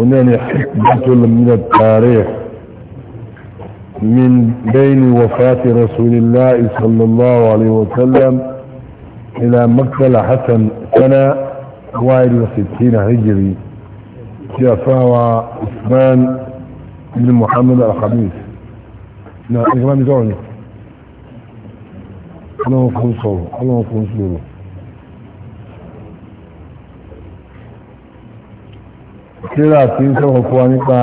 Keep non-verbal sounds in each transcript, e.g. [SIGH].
هنا حكمة من التاريخ من بين وفاة رسول الله صلى الله عليه وسلم إلى مقتل حسن سنة واحد وستين هجري جفاوى عثمان بن محمد الخميس نعم إغرام دعني اللهم كن صوره اللهم كن صوره tíra tí ń sọ̀rọ̀ fún wa nípa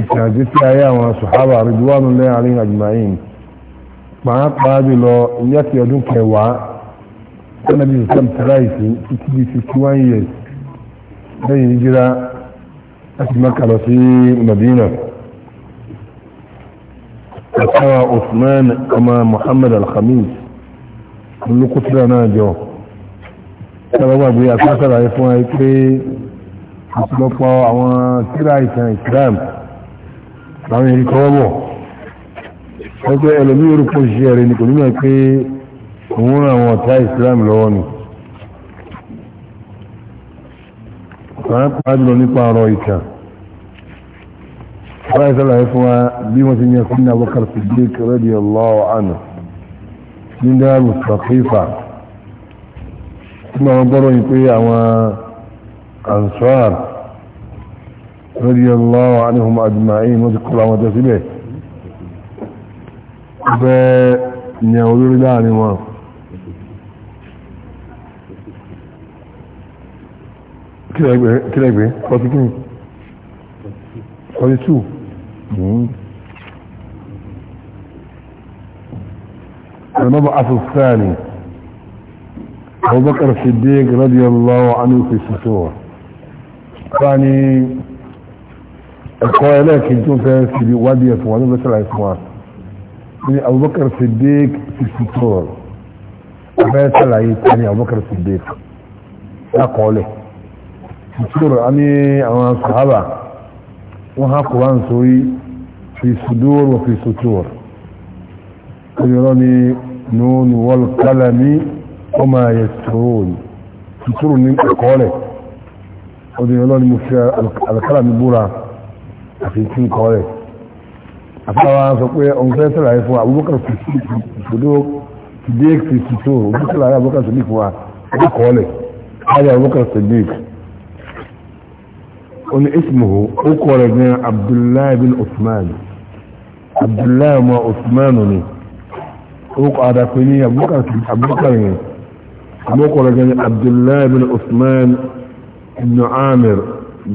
ìṣàjú tí ayé àwọn sùhábà rìdúwánu lẹ́yìn àríyìn àjùmáyìn pàápàá jùlọ ilé ti ọdún kẹwàá tẹ́lẹ̀ bí sọ́m tíráìsì títí di fifty one years lẹ́yìn ìjírá láti Mákà lọ sí Madina àtàwà Usman ọmọ Muhammad al-Khamis olùkú tíra náà jọ tẹ́lẹ̀ wà gbé àtàkàrà fún wa pé ọ̀pọ̀lọpọ̀ àwọn tíra ìsàn islam láwọn èrí kọ́wọ́ bọ̀ ẹgbẹ́ ẹlòmí orúkọ ṣiṣẹ́ rẹ̀ ní kò nímọ̀ pé òun ràn àwọn ọ̀tá islam lọ́wọ́ ni ọ̀rán pàdùlọ nípa ọ̀rọ̀ ìtàn ọ̀rọ̀ ìsàlàyé fún wa bí yìí pé àwọn ansar رضي الله عنهم أجمعين وذكر الله وتسبيه فنعوذ لله ما كلاك بيه فاتي كمي فاتي سو المبعث الثاني أبو بكر الصديق رضي الله عنه في السور ثاني ẹ̀kọ́ ẹlẹ́ẹ̀kejì tó fẹ́ síbi wádìí ẹ̀fọ́ wọn ló fẹ́ sẹ́láì fún wa ní Abubakar Siddiq sixty four abẹ́ sẹ́láì tani Abubakar Siddiq lákọọ́lẹ̀ sọ́rọ̀ a ní àwọn sàhábà wọ́n há kùrán sórí fi sùdúrù wọ́n fi sùtúrù ọjọ́ ní nùnù wọ́n kálà ní ọmọ ayẹ sùtúrù sùtúrù ní ẹ̀kọ́ọ̀lẹ̀ ọjọ́ ní mo fi alkálà ní búra àti tí ń kọ́ rẹ̀ àfáwà sọ pé òun fẹ́ sọ̀rọ̀ ayé fún wa abubakar sisi ìṣòdó dé sisi tó òun sọ̀rọ̀ ayé abubakar sisi fún wa ó kọ́ lẹ̀ ayé abubakar sisi ó ní ismuhu ó kọ́ rẹ̀ ní abdullahi bin usman abdullahi ma usman ni ó kọ́ adàpé ní abubakar ni ó kọ́ rẹ̀ ní abdullahi bin usman ibn amir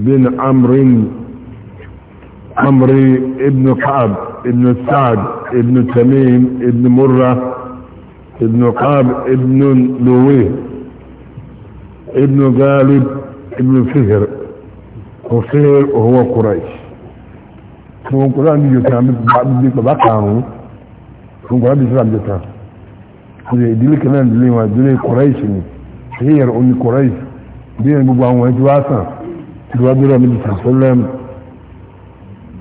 bin amrin عمري ابن كعب ابن سعد ابن تميم ابن مرة ابن كعب ابن لويه ابن غالب ابن فهر وفهر وهو قريش fún kúrò ní yóò tán bí bàbá karùn-ún fún kúrò bí islam jẹta ṣe ìdílé kan náà ìdílé wọn ìdílé kọ̀rẹ́ìṣì ni ṣe yẹ̀rọ oní kọ̀rẹ́ìṣì bí ẹni gbogbo àwọn ẹni tí wá sàn tí wá dúró níbi sàfẹ́lẹ́mù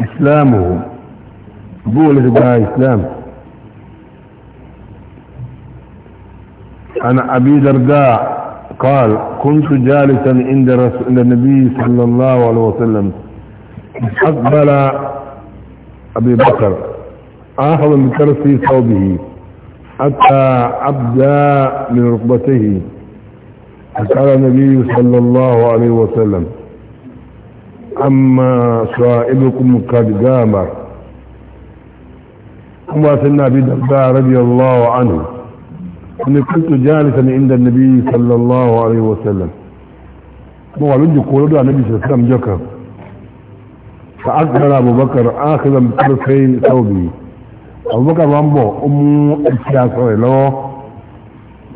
إسلامه بول بها إسلام عن أبي درداء قال كنت جالسا عند رسول النبي صلى الله عليه وسلم أقبل أبي بكر آخذ من كرسي ثوبه حتى ابدا من ركبته فقال النبي صلى الله عليه وسلم أما صائبكم قد قامر أما سنة أبي رضي الله عنه أني كنت جالسا عند النبي صلى الله عليه وسلم وعلمت قولوا النبي صلى الله عليه وسلم جكر فأكبر أبو بكر آخذا بطرفي ثوبه أبو بكر رمبو أمو الشاسع له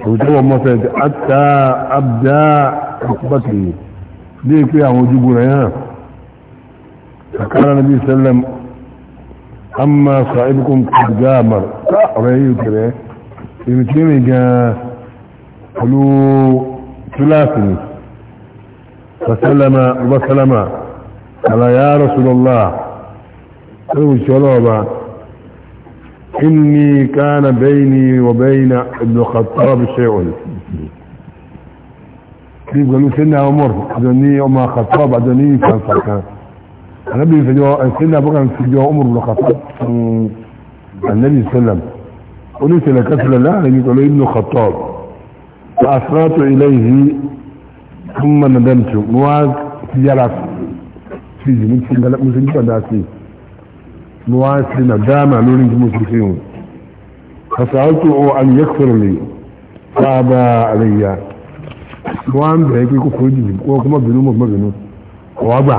وجوه مسجد حتى أبدأ خطبته ليه كده وجوه يا فكان النبي صلى الله عليه وسلم أما صاحبكم قد جامر رأيه كده يمتيني جاء قلو ثلاثني فسلم وسلم قال يا رسول الله قلو الشرابة إني كان بيني وبين ابن خطاب شيء كيف قالوا سنة ومر عدني وما خطاب كان فكان النبي في جو سيدنا ابو بكر في جو عمر بن الخطاب النبي صلى الله عليه وسلم قلت لك اسال لا النبي قال ابن الخطاب فاسرعت اليه ثم ندمت مواز يلعب في جنين في غلط مسلم فداسي مواز ندامة لولين مسلمين فسألته أن يكفر لي فأبى علي وأن بهيك يكفر لي وكما بنو وكما بنو وأبى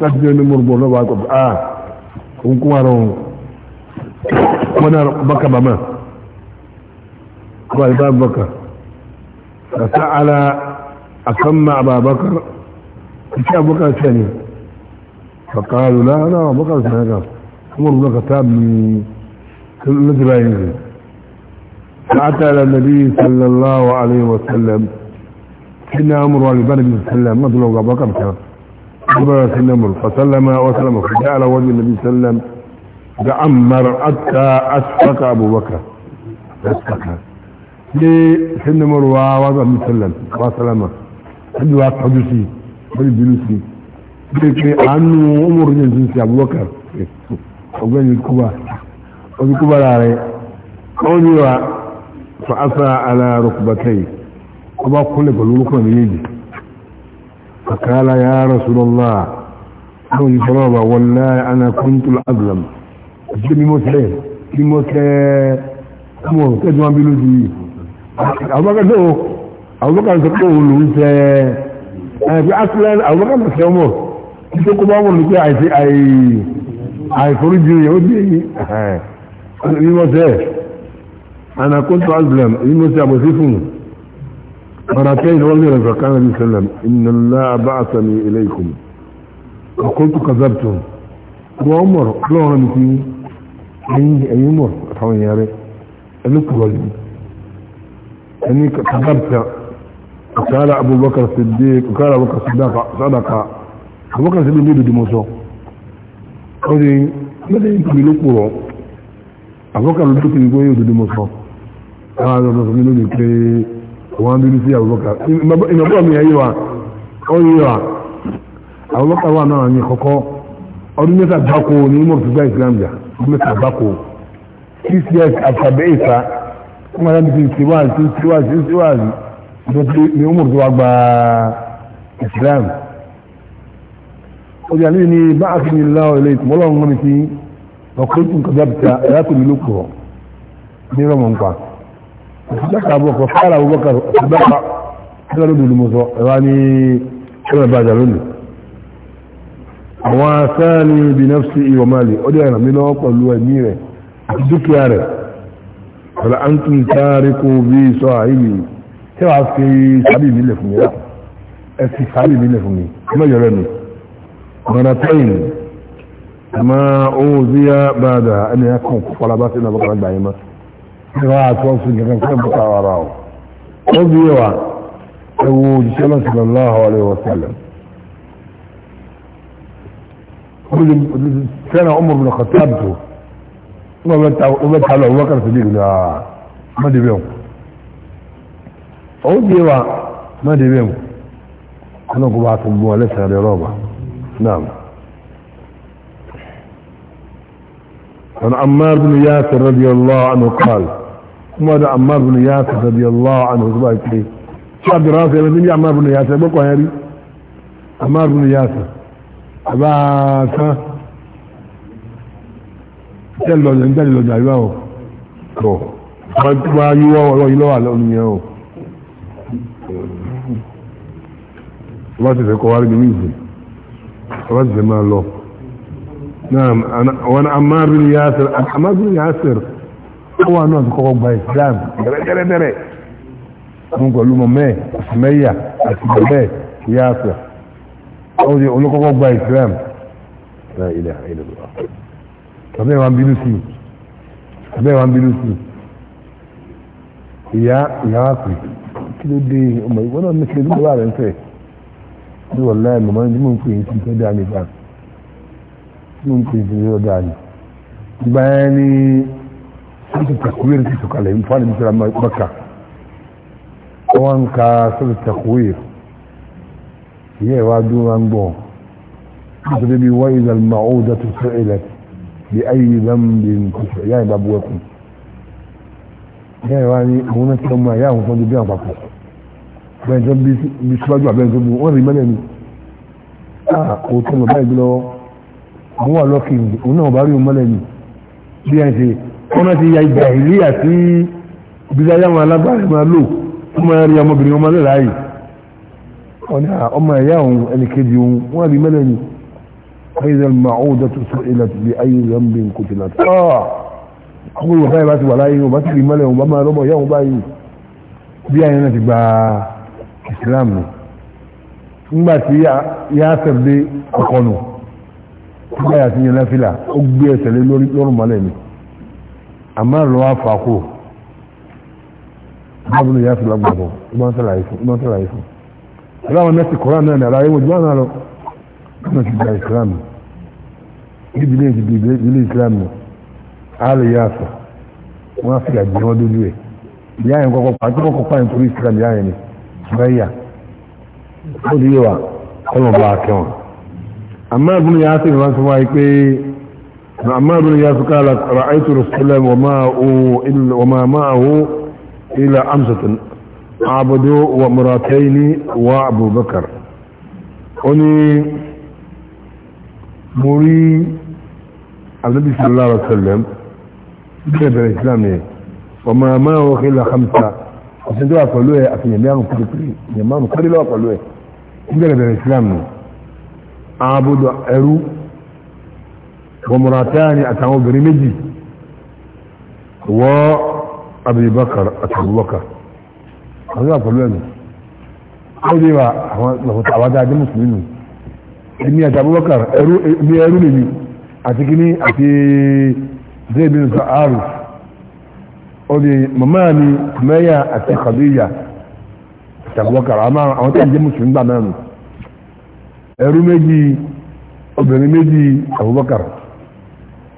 láti jẹ́ onímọ̀ ọgbọ̀n lọ́wọ́ àgbà ah òun kún ara òun wọ́n náà baka bàmà ọba ìbá baka àti ala akamma àbàbàkà ìṣe àbúkà sẹ́ni fàkàlù láàárọ̀ àbúkà sẹ́ni kan ọmọ òun lọ́kà tábì lọ́tí báyìí nìyí فأتى على النبي صلى الله عليه وسلم إن أمر علي بن سلم ما تلوغ أبو بكر كان أخبرنا سيدنا عمر فسلم وسلم فجاء على وجه النبي صلى الله عليه وسلم تعمر حتى أبو بكر أسفك سيدنا عمر ووضع النبي صلى الله عليه وسلم حدوا حدوثي بل جلوسي بلك عنه أمر جنسي أبو بكر وقال الكبار وبكبار عليه قولي فأسى على ركبتي وبقى كل قلوبكم يجي فقال يا رسول الله أول جرابة والله أنا كنت الأظلم أجل بمسلم بمسلم أمو تجمع بلوزي أبو بكر سوء أبو بكر سوء لوزي أنا في أصلا أبو بكر مسلم أمور كنت أقوم أمور لكي أي أي فرجي يهودي أنا كنت أظلم بمسلم أبو سيفون مرتين ولي فقال النبي صلى الله عليه وسلم إن الله بعثني إليكم وقلت كذبتم وعمر الله نتي أي أي عمر أتعوني يا ري ألك ولي أني كذبت قال أبو بكر الصديق وقال أبو بكر الصديق صدق أبو بكر الصديق بيدو دموسو قولي ماذا يمكن يلقوا أبو بكر الصديق بيدو دموسو قال أبو بكر الصديق wọ́n bí sí àbúbọ́kà ìmọ̀bọ́ mi ẹ̀yí wa ó yí wa àbúbọ́kà wà náà ní kọ́kọ́ ọdún mẹ́ta gbáko ní mọ̀ tó gbá islam jà ọdún mẹ́ta gbáko six years after bẹ́ẹ̀ ìta wọ́n máa dábìí sí síwáàzì sí síwáàzì sí síwáàzì ní mọ̀ tó wá gba islam ó yà lẹ́yìn ní bá a fi ní láwọ̀ ilé ìtumọ̀lọ́wọ́n mọ́ni sí ọkùnrin tó ń kọjá bìtà ẹ̀yà tó ní lókùrọ̀ ní rọ̀mọ̀ nǹkan ìsìdáka àbọ̀kọ̀ fara àbúbọ̀kọ̀ ìsìdáka ẹgbẹ̀rẹ̀ lódò olùmọ̀sọ̀ ẹ̀wà ní ṣẹlẹ̀ bàjá lónìí àwọn sáàni bí nafsi ìwọ̀málì ó dẹ̀ ràn mí lọ́wọ́ pẹ̀lú ẹ̀mí rẹ̀ àti dúkìá rẹ̀ ọ̀la à ń tún táàrí kó bí sọ àìlì tí wàá fi sábì mi lẹ̀ fún mi rà ẹ fi sábì mi lẹ̀ fún mi ẹ mẹ́jọ rẹ̀ mi ọ̀nà tẹ́yìn àmọ́ ohun òzíyá bá dà ẹni ẹ kàn kọ́lá bá sí ní abọ́kọ̀ ìwà àtọ́sùn gẹ̀gẹ̀ fẹ́ bọ́ta ara ọ̀ ó bí wà ẹwọ òjíṣẹ́ sallallahu alaihi wasallam fẹ́ràn ọmọ ìbùnà kọ̀tàbù tó wọ́n bẹ́ ta lọ wọ́n kàrà sílẹ̀ ìgbìnà mọ́débẹ̀wò ó bí wà mọ́débẹ̀wò ọ̀nà kò bá tó gbọ́ ẹlẹ́sẹ̀ rẹ̀ rọ́ọ̀bà náà عن عمار بن ياسر رضي الله عنه قال kuma da ammar bin yasir radiyallahu anhu zuba ke shi abdurrahman sai lazim ya ammar bin yasir ba kwan yari ammar bin yasir a ba ta tẹ́lọ ní tẹ́lọ ní àríwá o tó wọ́n tó bá yíwọ́ ọ̀rọ̀ yìí lọ́wọ́ àlọ́ nìyẹn o wọ́n ti fẹ́ kọ́ wárí bí wíìsì ti fẹ́ máa lọ náà wọ́n ammar bin yasir ammar bin yasir wọn náà ti kọ́kọ́ gba islam dẹ́rẹ́dẹ́rẹ́ fún pẹ̀lú mọ̀mẹ́ mẹ́yà àti bẹ̀bẹ́ yáàfẹ́ ọdún yẹn olókọ́kọ́ gba islam náà ilẹ̀ ilẹ̀ lọ. bàbá ẹ̀ wá ń bínú sí i bàbá ẹ̀ wá ń bínú sí i ìyá ìyá wa pè kí ló dé ọmọ ìwọ náà mẹsẹ̀ ló wà rẹ̀ ń fẹ̀ bí wọ́n láì mọ̀mọ́ ní mò ń pè é sí ìfẹ́ dáa nígbà mò ń pè é sí ìfẹ́ dáa nígbà yẹn ní tàkúwìrì ti sọ̀kalẹ̀ ń fún àlèmísọ̀rọ̀ mọ́kà wọ́n ń ka sọ́dọ̀ tàkúwìrì ìyẹ́ ìwà dúró máa ń gbọ́ nítorí bí wọ́n ìdàl màó dàtú sọ ilẹ̀ bí ayé ìdánbí nkùsọ̀ ìyá ìbá bu ẹkùn ìyá ìwà ni àwọn náà ti ọmọ ìyá àwọn fọ́n bí àpapọ̀ ah òótọ́ mọ̀ báyìí lọ́wọ́ àwọn wà lọ́kì òun náà ọ̀nà ti ya ìgbà ìlú àti ìbílẹ̀ ayáwọn alábàárẹ̀ máa lò ó máa rí ọmọbìnrin ọmọ lẹ́la yìí ọ̀nà ọmọ ẹ̀yà òun ẹnìkejì òun wọ́n rí mẹ́lẹ̀ ni ayélujára máa ó dẹ́tù sí ilẹ̀ tìbí ayélujára ń bí nǹkó ti là tó ọkùnrin bàbá yìí bá ti wà láyé òun bá ti rí mẹ́lẹ̀ òun bá máa rọ́mọ ìyá òun báyìí bí ayé náà ti gba Islam ni nígbà tí yáásẹ̀ dé ọkọ̀ nù nígbà yàtí yẹn lẹ́fìlà ó gbé ẹsẹ̀ lórí lọ́rùn mọ́lẹ̀ mi àmọ́ lọ́wọ́ àfàkù bábùnú yà fìlà gbàgbọ́ ìbọn sàlàyé fún aláwọn mẹ́sì kọ́ra náà nàrà ayé wòjú àná lọ kọ́nà ti gba islam ìdílé ìdílé ìdílé islam àlè yà sọ wọn á fi àjẹ wọn dójú ẹ ìyá yẹn kọ́kọ́ pàtó kọ́kọ́ pàyẹn torí islam ìyá yẹn ni bẹ́yà ó di yẹ wa kọ́nà bá a kẹ́wọ̀n àmọ́ ìbùnú yà á sì rán sí wáyé عمار بن ياسر قال رأيت رسول الله وما معه إلى أمسة عبد ومراتين وأبو بكر أني مري النبي صلى الله عليه وسلم كتاب الإسلام وما معه إلى خمسة عشان دوا قالوا يا أخي يا مام كريكري يا مام كريلا قالوا إيه كتاب الإسلام عبد أرو ومراتان أتعموا برمجي وأبي بكر أتعموا بكر هذا أقول لنا أولي ما تعواد هذا مسلمين إني أتعموا بكر إني أروني أتكني أتي زي بن الزعارف أولي مماني ميا أتي خضية أتعموا بكر أما أولي أجي مسلمين بعد أرو مجي أبني مجي أبو بكر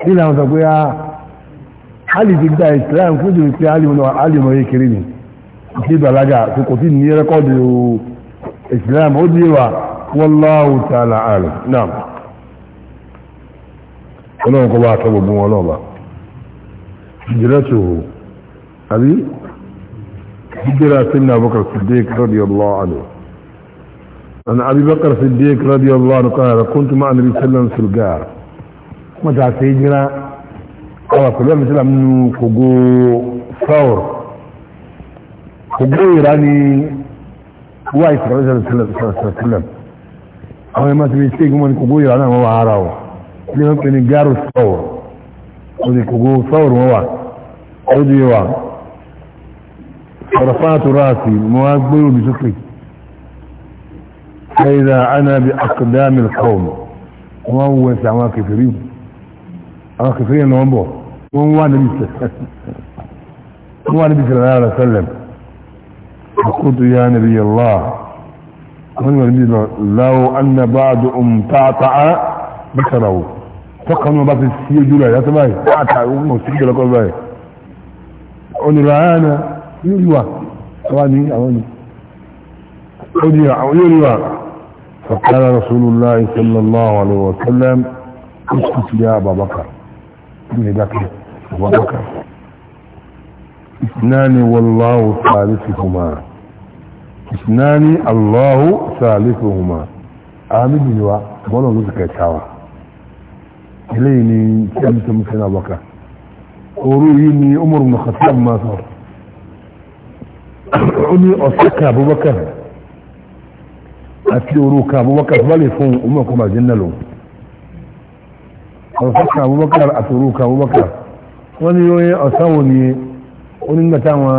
nínú àwọn sọ̀gbé a ah, alì ti gba islam fún jùlọ pé alì mọ̀ yékiri ni ìṣe ìbàlágà tó kò sí ní rẹ́kọ́dì islam ó dí wa wallahu ta'ala alam náà ọlọ́run kọ́ bá tọ́ gbogbo wọn lọ́ba ìjìrẹ́ tó hù àbí ìjìrẹ́ sínú abubakar siddiq radiyallahu anhu أن أبي بكر الصديق رضي الله عنه قال كنت مع النبي صلى الله عليه وسلم kuma ta sai jira awa kula misala mnu kogo fawr kogo irani wa isra'ila sallallahu alaihi wasallam àwọn ma ti se kuma kogo irani ma wa arawo ni ma pe ni garu fawr o ni kogo fawr ma wa o rafatu rasi mo wa gboro فإذا أنا بأقدام القوم وهو سواك في ريم اخفين وابو وهو انا بيسا هو انا بيسا وسلم قلت يا نبي الله لو ان بعض ام تعطع بكره فقط ما بس السيو جولة يا تباي تعطع ام وستيجي لك الله انا رعانا يلوى اواني اواني اواني يلوى فقال رسول الله صلى الله عليه وسلم اسكت يا ابا بكر ne baki abubakar isnani wallahu salisuhuma isnani allahu salisuhuma ahmed ni wa bọ́lọ̀ ló ti kẹtàwà eléyìí ni kí a mú sọmú sẹ́nà abubakar orú yìí ni umar bin khattab máa sọ ó ní abubakar àti orú kan abubakar wọ́n lè umar kọ́mà jẹ́ ọ̀sọ́kà abubakar àtòrúkà abubakar wọ́n ní oye ọ̀sáwò ní onígbàtà wọn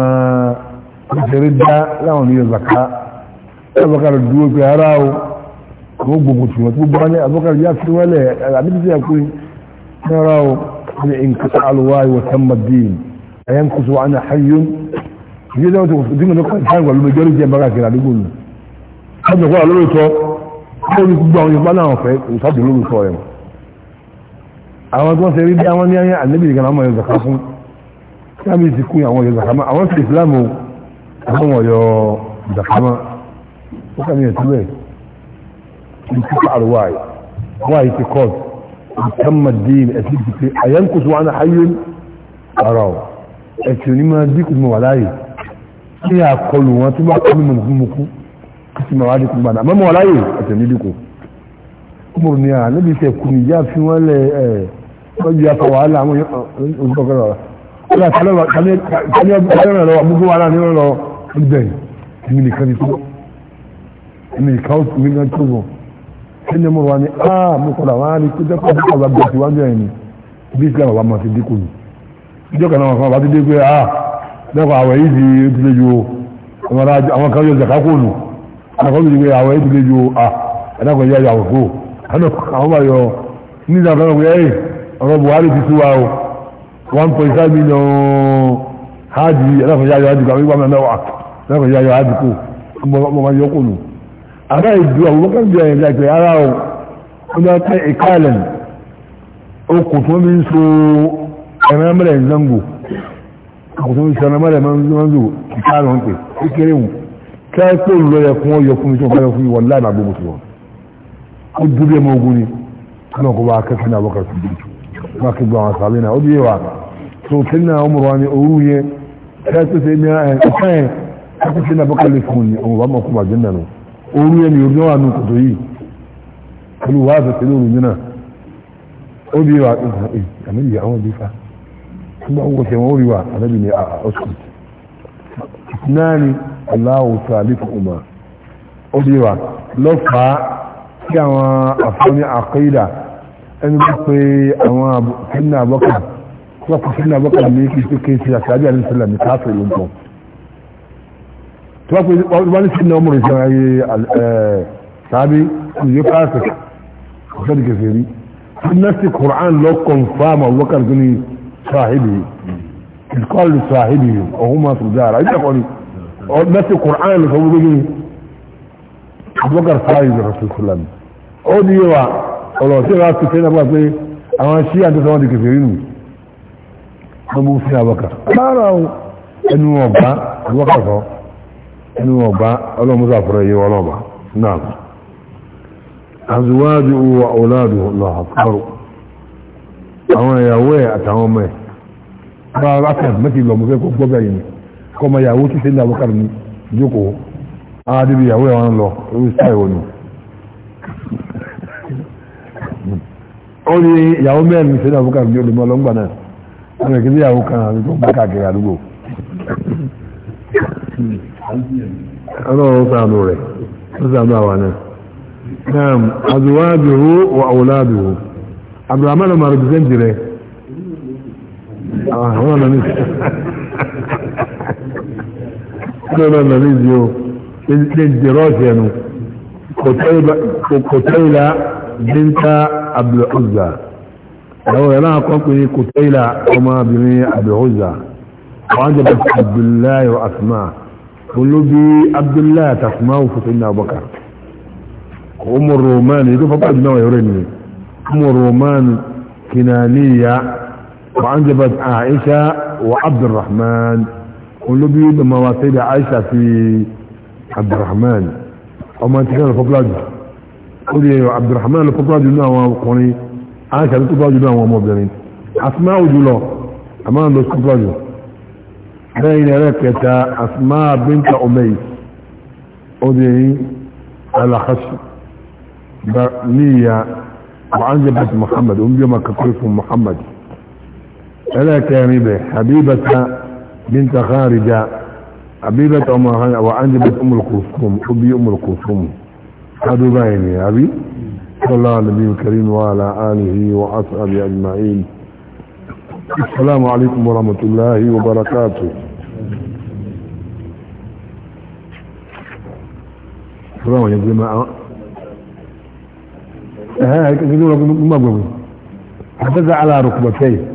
ìṣẹ̀rí dá láwọn ní ọ̀zàká abubakar dúró pé ara o kò gbogbo tí wọ́n tó bá ní abubakar yá fi wọ́lẹ̀ àdébí sí àpé ara o ní nkata alùwà ìwọ̀ sàmàdín ẹ̀yẹn kò sọ àná hayun ìyẹ́ dáwọn tó kò dín mọ́tò kan sáà gbàlú mẹjọ́rí jẹ́ bára àdúgbò nù ọjọ́ kọ́ àlọ́ lóòótọ́ ó ní gbogbo àwọn yorùbá náà fẹ́ ìsáàdì àwọn tó ń ṣe rí bí àwọn ní ayé ànábì nìkan àwọn ọmọ zaka fún kábí ti kún àwọn ọyọ zaka mọ àwọn sì islam àwọn ọyọ zaka mọ ó kàmí ẹ̀ túbẹ̀ ní kí fà àrùwá yìí wá yìí ti kọ́t ìtàmà dín ẹ̀sì ti pé àyẹ̀ ń kó so wọn ayé ara ọ̀ ẹ̀sì onímọ̀ dínkù mọ̀ wà láàyè kí a kọlù wọn tó bá kọ́ mi mọ̀ mú kú kí sì mọ̀ wá dínkù gbàdá mọ̀ wà láàyè ẹ̀sì onídìkù ó mọ̀ ní à níbi ìṣẹ̀kùn ìyá fi wọ́n lẹ̀ ẹ̀ wọ́n di afọ wàhálà àwọn olùkọ́kọ́rọ̀ rẹ̀ wọ́n yà kálẹ̀ rẹ̀ lọ́wọ́ gbogbo wàhálà ní ọ̀rọ̀ ọ̀gbẹ̀ èmi nìkan ni tó èmi nìkan ó tún nìkan tó wọ̀ ẹni mo wà ní áà mo kọ́ra wọn á ní kó dẹ́kọ̀ bí ọba bẹ̀rẹ̀ síwájú ẹ̀ ni bí islam ọba máa ti dínkù ni ìjọ kan náà wọn bá ti dé pé áà dẹ́kọ̀ àwẹ̀ yìí ti ojúlé ju àwọn kan yọ zakako nù àwọn kan yọ zakako nù àwẹ̀ yìí ti ojúlé ju à ẹ̀dá kan yọ àwẹ̀ kó àwọn bá yọ ní ìjà kan náà wọ́n yẹ́ ọmọ buhari ti túwa o one point five million hajj ẹlẹ́kọ̀ọ́yá yọ hajj kọ́ àwọn ìgbàmọ̀ mẹ́wàá ẹlẹ́kọ̀ọ́yá yọ hajj kọ́ ọmọ ma yọ kò nù àbá ìdú àwọn ọmọkàn bí ẹ̀yẹ̀ láìpẹ́ ara o ó ní ọpẹ́ ìkàlẹ̀ okùn tó ń so ẹ̀rẹ́ mẹ́rẹ̀ zango okùn tó ń so ẹ̀rẹ́ mẹ́rẹ̀ zango ìkàlẹ̀ ń pè kékeré wù kẹ́ẹ̀kọ́ lọ́yẹ̀ kún ọyọ fún mi tó fẹ́ fún ìwọ̀n láì máa gbogbo tiwọn ó dúró ẹmọ ogun ni kánà kó bá akẹ́kọ̀ọ́ ní àbọ̀kà sí ibi ìtù má kí gbọ́n àṣàbí náà ó bí wà tó kí náà ọmọ wa ní owó yẹn ẹ̀rẹ́ tó ṣe mìíràn ẹ̀ ọ̀pẹ́ ẹ̀ ẹ̀kú sí náà bọ́kàlẹ̀ fún ni ọmọ bá mọ̀ kú bàjẹ́ náà nù owó yẹn ni orí wà nù kòtò yìí pẹ̀lú wàá fẹ̀ pẹ̀lú òrùn náà ó bí wà àmì ìyá àwọn ìdífà tó bá wọ́n tẹ̀wọ́n ó rí wà àmì ìyá ọ̀sùn náà ni aláwọ̀ tó àlékún ọmọ ó bí wà lọ́fàá tí àwọn àfọ́ní àkídà ẹni bí pé àwọn sínú àbọ́kà lọ́pọ̀ sínú àbọ́kà ní kí kéèké àṣàbí àdínsílẹ̀ ní káàfẹ́ ló ń bọ̀ tí wọ́n ní sínú ọmọ rẹ̀ sí ayé sábí ìyó káàfẹ́ ọ̀sẹ́dì kẹfẹ́ rí nọ́ọ̀sì Qur'an lọ kọ̀nfàmù àbọ́kà tó ní sàhíbì ìkọlù sàhíbì ọ̀hún máa tún dára ìjà kọ́ni nọ́ọ̀sì Qur'an lọ sọ wọ́n gbé àbọ́kà ọ̀rọ̀ tí wọ́n ti fẹ́ náà pé àwọn ṣí àtúntò wọn di kẹfẹ́ rí nù wọ́n bú sí àwọ̀kà lára ẹnu ọ̀gbá àwọ̀kà sọ ẹnu ọ̀gbá ọlọ́mọdé àfọ̀rọ̀ yẹ wọn ọ̀gbá náà azuwájú wa ọ̀làdù lọ́hàkọ́rù àwọn ìyàwó ẹ̀ àtàwọn ọmọ ẹ̀ bá aláfẹ́ àtìmẹ́tì ó ní ìyàwó mẹ́rin sí náà fúkà bíi olùmọ̀ lọ́ngbà náà wọ́n rẹ̀ kí ní ìyàwó kan àti tó bá káàkiri àdúgbò ọlọ́run sàánú rẹ̀ ó sàánú àwa náà náà azùwájòwò wà àwòládùwò abdulhamid ọmọ rẹpẹsẹ̀ntì rẹ̀ àwọn ah, ọ̀nà ní ọ̀nà ọ̀nà ní ìdí o lè jẹ̀rọ̀ ọ̀sẹ̀ ẹnu kò ìlà بنت عبد العزى لو لها قطعي كتيلة وما بني عبد العزى وعجبت عبد الله وأسماء كل بي عبد الله تسمعه فتنا أبو بكر أم الرومان يدفع بعد نوع يرني أم الرومان كنانية وعجبت عائشة وعبد الرحمن كل بي مواسيد عائشة في عبد الرحمن وما تكلم فقط orí abdulrahman ló kọ́kọ́ jùlọ àwọn ọkùnrin aṣà ló kọ́kọ́ jùlọ àwọn ọmọbìnrin asmáà jùlọ àmọ́ ló kọ́kọ́ jù lẹ́yìn ẹ̀rẹ́ kẹta asmáà bínta ọmọye obìnrin alakashi bá níyà muhammed muhammad ó ń bí ọmọ kakúrú fún muhammad ẹ̀rẹ́ kẹrin bẹ̀ habibata bínta kharija habibata ọmọ hàn wà ánjẹ́bẹ̀t umul kulsum ó bí umul kulsum باين يا أبي صلى الله على النبي الكريم وعلى آله وأصحابه أجمعين السلام عليكم ورحمة الله وبركاته السلام عليكم يا جماعة ها كذلك ما قلت حدث على ركبتين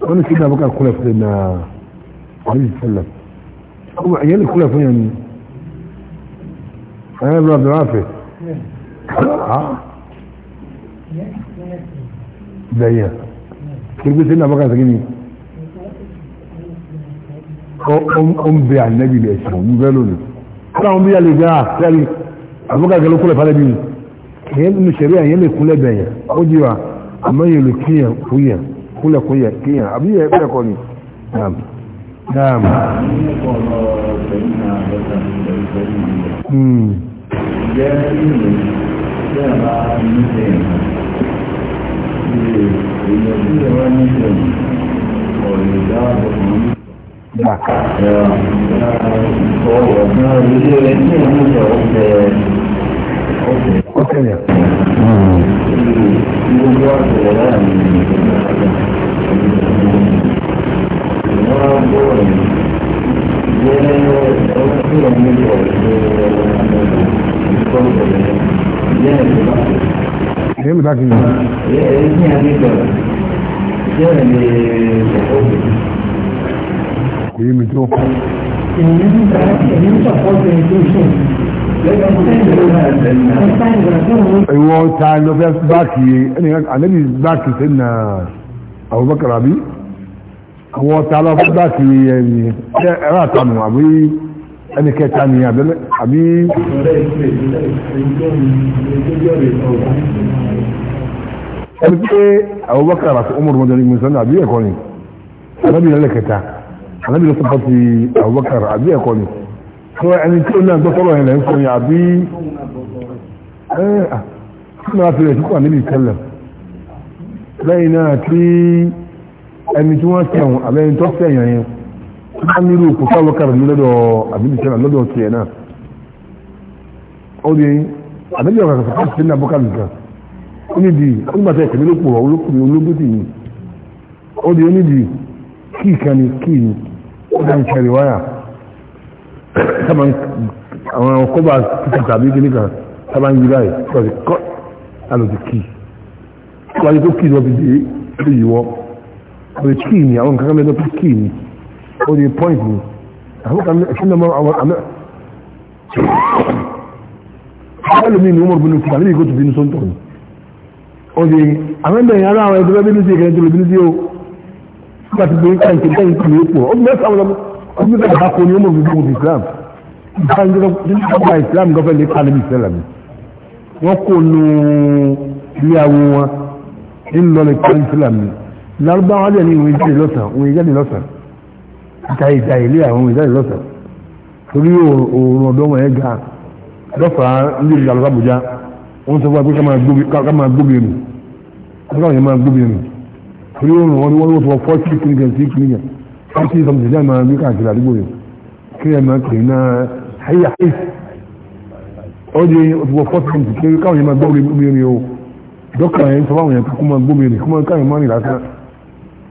وانا كده بقى الخلاف لنا عليه السلام هو عيال الخلاف يعني انا ابن عبد العافيه zayya kirgin sai na baka sagi ne on bẹ anabi lẹ sọ n bẹ lónìí kọ́nà wọn bí yà lè gbé a sẹ́ni àbúkà gẹlẹ́ kúlẹ̀ fàlẹ́ bí yẹn nínú sẹ́rí yẹn lè kúlẹ̀ bẹ̀ yẹn ó di wa àmọ́ yẹn lè kíyàn kúyàn kúlẹ̀ kúyàn kíyàn àbí gbà. Thank you èyí mi láti yìí. èyí mi tó. ìwọ ta ló fẹ́ báàkì ẹni àlejò báàkì sẹ́yìn náà Abubakar abi àwọn ọ̀tá aláfọ́gbà ti ẹ̀yìn ẹ̀rọ àtànù àbí ẹni kẹta ni àbí ẹni pé àwọn bọ́kà àti ọmọdé mọ́jọ ní mùsùlùmí àbí ẹ̀kọ́ ni alábì ilẹ̀ kẹta alábì ilẹ̀ sọpọ́ ti àwọn bọ́kà àbí ẹ̀kọ́ ni tó ẹni tí ó náà gbọ́ ẹ̀lẹ́ ń sọ ni àbí ẹ̀ẹ́ ẹni tí wọ́n sẹ̀wọ̀n àbẹ́ni tó sẹ̀yàn yẹn tó bá nílò kò fẹ́ wọ́kàrà ní lọ́dọ̀ àbíbísẹ́nà lọ́dọ̀ tiẹ̀ náà ó di àbẹ́bí ọ̀kà kàkà kàkà sínú abọ́kà nìkan ó ní di ó nígbà tó ẹ̀kẹ́ mi ló pòrọ̀ olókùnrin olóbùtì yìí ó di ó ní di kí kan ni kí ni ó dá nǹkan rí wáyà sábà àwọn kọ́bà títà tàbí kí nìkan sábà ń yí báyìí kọ́ àlòdì kí wáyé tó kí lọ́ ọ̀rẹ́ kí ni àwọn nǹkan mẹ́lẹ́ pé kí ni ó ní point ni àwọn kan ṣe lọ́mọ àwọn àmẹ́ ọ̀rẹ́ mi ni wọ́n mọ̀ bínú fún àmì ìgò tó bínú sọ́ńtọ̀ ni ó ní àmẹ́bẹ̀ yẹn ara àwọn ẹgbẹ́ bínú sí ẹ̀kẹ́ tó lè bínú sí o nígbà tí bẹ́ẹ̀ káyìn kẹ́kẹ́ yìí kìlọ̀ èpò ó mẹ́fà wọn ọdún mẹ́fà bá kọ ni wọ́n mọ̀ bínú fún Islam ìgbà Islam gọ́fẹ́ lè ká níbi ìṣẹ̀lẹ̀ mi wọ́n kò nu ilé awo lárúbáwá dẹ̀ ní ìwé jáde lọ́sàn ìwé jáde lọ́sàn ìtàyè ìtàyè ilé àwọn ìwé jáde lọ́sàn torí oòrùn ọ̀dọ́ wọn ẹ̀ ga lọ́fà ní ìlú àlọ́ àbújá wọ́n sọ fún wa pé ká máa gbóbi rìn káwọn yẹn máa gbóbi rìn torí oòrùn wọn ni wọ́n wọ́n sọ fọ́ọ̀tì kìnìkan sí kìnìkan fọ́ọ̀tì sọmọdé náà máa gbé káàkiri àdúgbò rẹ̀ kí ẹ máa kiri náà hayà hayà ó di wọ́n fọ́ọ̀tì kìnìkan káwọn yẹn máa gbóbi rìn o dọ́kítà yẹn sọ fún àwọn yẹn kó máa gbóbi rìn kó máa káwọn máa rìn lásán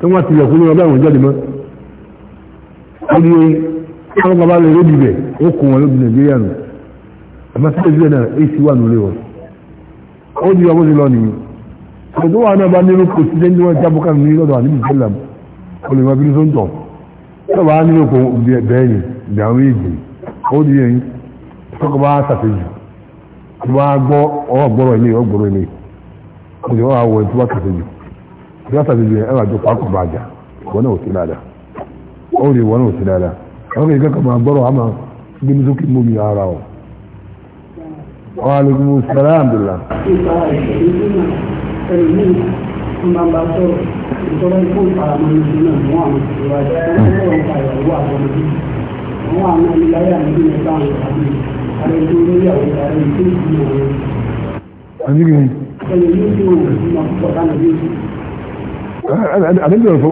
tí wọ́n ti yọ̀kú ní ọba ìwọ̀n jáde mọ́ ó ní àwọn bàbá rẹ̀ lóbi bẹ̀ ó kún wọn lóbi nàìjíríà nù àmọ́ sí ìdílé náà èsì wà nílé wọn ó di ọmọ sí lọ nìyí ọjọ́ ilé ọgbọ́rọ̀ ilé ó di wọ́n àwọ̀ ẹ̀ yọ́sà bíbí ẹ̀ ẹ̀rọ àjọ pákó bá jà wọn náà ò sí dáadáa ó rí wọn náà ò sí dáadáa àwọn kìí kẹ́kọ̀ọ́ máa gbọ́rọ̀ mi ara wa alaikum salaam àbdùlá. àwọn àmì ìlàyà àdébìyàn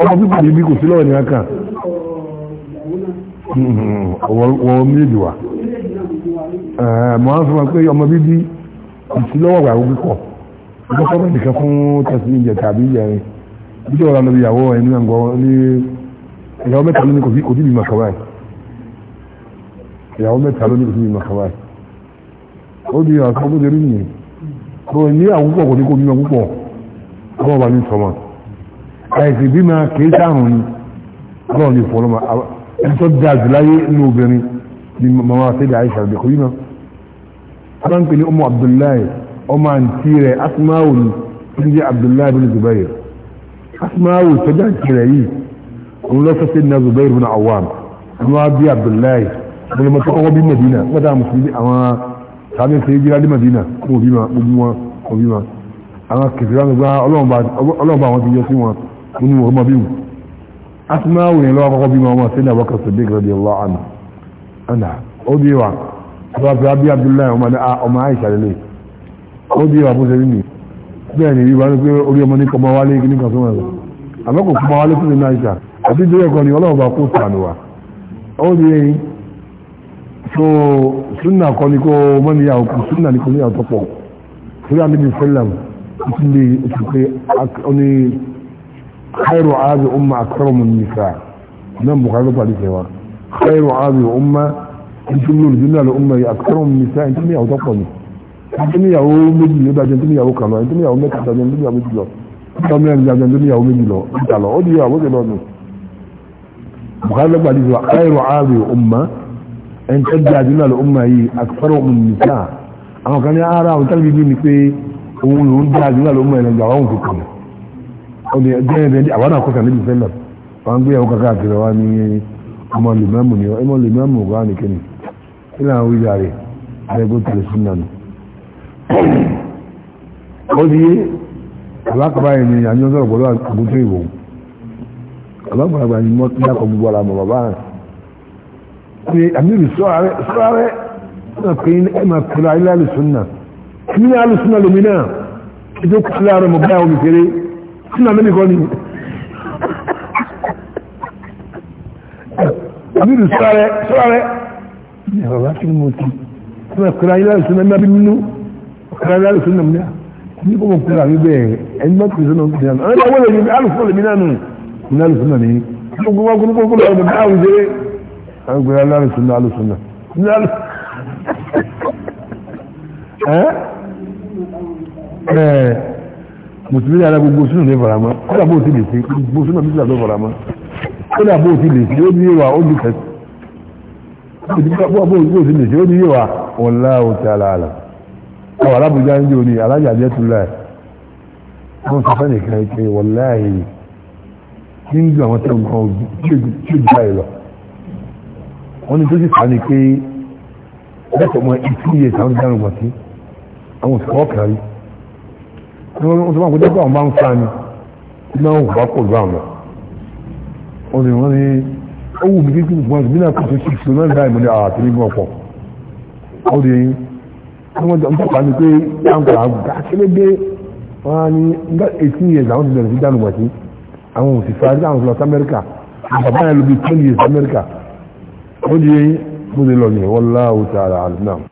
ọmọ pípọ̀ níbi kò sí lọ́wọ́ ní aka wọ́n méjì wá mọ̀ á fún wa pé ọmọ bíbí kò sí lọ́wọ́ wà ó kíkọ̀ ọjọ́ sọ́rọ̀ nìkan fún tẹ̀sí ìjẹ tàbí ìjẹrin bí ọ̀rọ̀ lọ́bi ìyàwó ẹni náà gbọ́ ní ìyàwó mẹ́ta lónìí kò sí kò sí bí màkàwáì ìyàwó mẹ́ta lónìí kò sí bí màkàwáì ó di àkọ́kọ́ tó ti rí nìyẹn kò ní àwọn kò ní kò ní àwọn ọmọ bá ní sọmọ́ àìsí bí máa kìí sáàrùn ni ọlọ́run ní ìfọ̀lọ́mà ẹni tó dáa jù láyé inú obìnrin ni mama sẹ́dá àìsà rẹ̀ kò yí náà wọ́n ń pè ní ọmọ abdullahi ọmọ àǹtí rẹ̀ asmáwò ni ń jẹ́ abdullahi bin zubair asmáwò sọ́jà àǹtí rẹ̀ yìí òun lọ sọ́sẹ́ ní zubair bin awam ni wọ́n bí abdullahi wọ́n mọ̀ tó ọwọ́ bí madina wọ́n dáa mùsùlùmí àwọn sàbẹ̀ sẹ́yìn jíra ní madina kò bí wọn àwọn kìfìrán gbá ọlọ́run bá wọn ti yọ sí wọn ó ní ọmọ bí wù asúnáwò yẹn lọ́wọ́ kọ́kọ́ bí wọn ọmọ sẹ́ni àbọ́kà sọ̀dẹ́k radiyallahu anhu ana ó bí wa àbáfẹ́ abí abdullahi ọmọ ní ọmọ àìsà lélẹ̀ ó bí wa bó ṣe rí ni bẹ́ẹ̀ ni rí wa pé orí ọmọ ní kọmọ wálé ní kan sọ́wọ́n rẹ̀ àbẹ́kò kọmọ wálé fún mi náà àìsà àti ìdílé ẹ̀kọ́ ni ọlọ́wọ́ bá kó sànù wa ó bí yẹn so sunna kọ́ ni kó mọ́niyàwó sunna ni kò níyàwó tọ́pọ̀ fúlàní bíi fẹ́lẹ̀ خير عابي أمة أكثرهم النساء نعم مخالفة عليك خير عابي أمة ìjúlò ìjúlò àlọ́mọ àkọ́rọ̀ nìta ẹni tó níyàwó tọ́pọ̀ ni ẹni tó níyàwó méjì ló dájọ́ tó níyàwó kan lọ ẹni tó níyàwó mẹ́ta dájọ́ tó níyàwó méjì lọ tó mẹ́rin dájọ́ tó níyàwó méjì lọ níta lọ ó di ìyàwó tó lọ́nu. bukari lọ́gbà ti sọ káyọ̀rọ̀ ààrẹ ọmọ ẹni tó di àjúlò àlọ́mọ yìí àkọ́rọ̀ nìta àwọn kan ní ara àwọn tẹ́lifíbi ni pé òun lòún di àjúlò àlọ́mọ yìí ọdún ẹgbẹ́ ẹgbẹ́ àwọn àkọ́kọ́ níbi sẹ́lẹ̀ wọn gbé ẹ̀wọ̀n kankan àkèrè wa ní ọmọ lèmọ́mù ni ọmọ lèmọ́mù wa nìkan ni kí ni àwọn ìyá rẹ̀ ẹgbẹ́ tẹ̀lé súnà nù. ó di alákọ̀ọ́bá yẹn ni àjọ sọ̀rọ̀ pẹ̀lú àgùntàn ìwò alákọ̀ọ́bá yẹn mọ́ tíyà kọ́ gbogbo ara mọ̀ bàbá rẹ̀ pé àmìrì sọ́ọ̀rẹ́ ẹ̀ máa pẹ̀lú ayélujára lè súnà kí ni alùsùnà lómìnà ètò kùsùlà rẹ̀ mọ̀ báyà omi sínú àmì nìkan ni àbídù sọ́rẹ́ sọ́rẹ́ ní àbàbá kí ni mo ti tí wọ́n kọ́ra ayé láìsí náà bí nínú kọ́ra ayé láìsí náà múlẹ̀ ní kò mọ̀ kọ́ra àbí bẹ́ẹ̀ ẹni bá kìí sọ́nà ọ̀gbìn náà ọ̀rẹ́ àwọn èèyàn alùpùpù lèmi náà nù ní alùpùpù náà nìyí gbogbo wọn kúrú kúrú lọ́wọ́ bẹ̀rẹ̀ àwọn ìdílé àwọn gbèrè alùpùpù náà alùpùpù náà ní alùpùpù [LAUGHS] mùsùlùmí dára gbogbo sínú ní faramá kódà bó ti lè ṣe gbogbo sínú ní ìlànà faramá kódà bó ti lè ṣe ó ní ìwà ojú kẹsì bó ti lè ṣe ó ní ìwà ọ̀la òtí àlàálà àwọn alábùjá ń jò ní alájà jẹ́ tula ẹ̀ wọ́n sọ fẹ́ nìkan pé wọ́láì kí ń gbọ́ àwọn tó nǹkan tí ó gbà ẹ̀ lọ wọ́n ní tó sì sá ni pé ẹ̀sọ̀ mọ́ ìtúyè sàwọn ìdáhùn mọ̀ àwọn òṣùwọ́ kàrí wọ́n tó máa kó dẹ́kọ̀ àwọn bá ń fa ni náà wò bá kò bá wọn lọ. wọ́n ní wọ́n ní ó wù mí kí kí wọ́n bí náà kò tó kíkì lọ náà ìmọ̀lẹ́ àwọn àti nígbà ọ̀pọ̀. wọ́n ní wọ́n tó ń tọ́pa ni pé táǹkà àgbàkélédé wọ́n á ní nígbà eighteen years àwọn ti bẹ̀rẹ̀ sí dànù wọ̀sí àwọn òsì fàájì àwọn fúlọ̀ Amẹ́ríkà bàbá yẹn ló bí twenty years Amẹ́ríkà. wọ́n ní bó ti lọ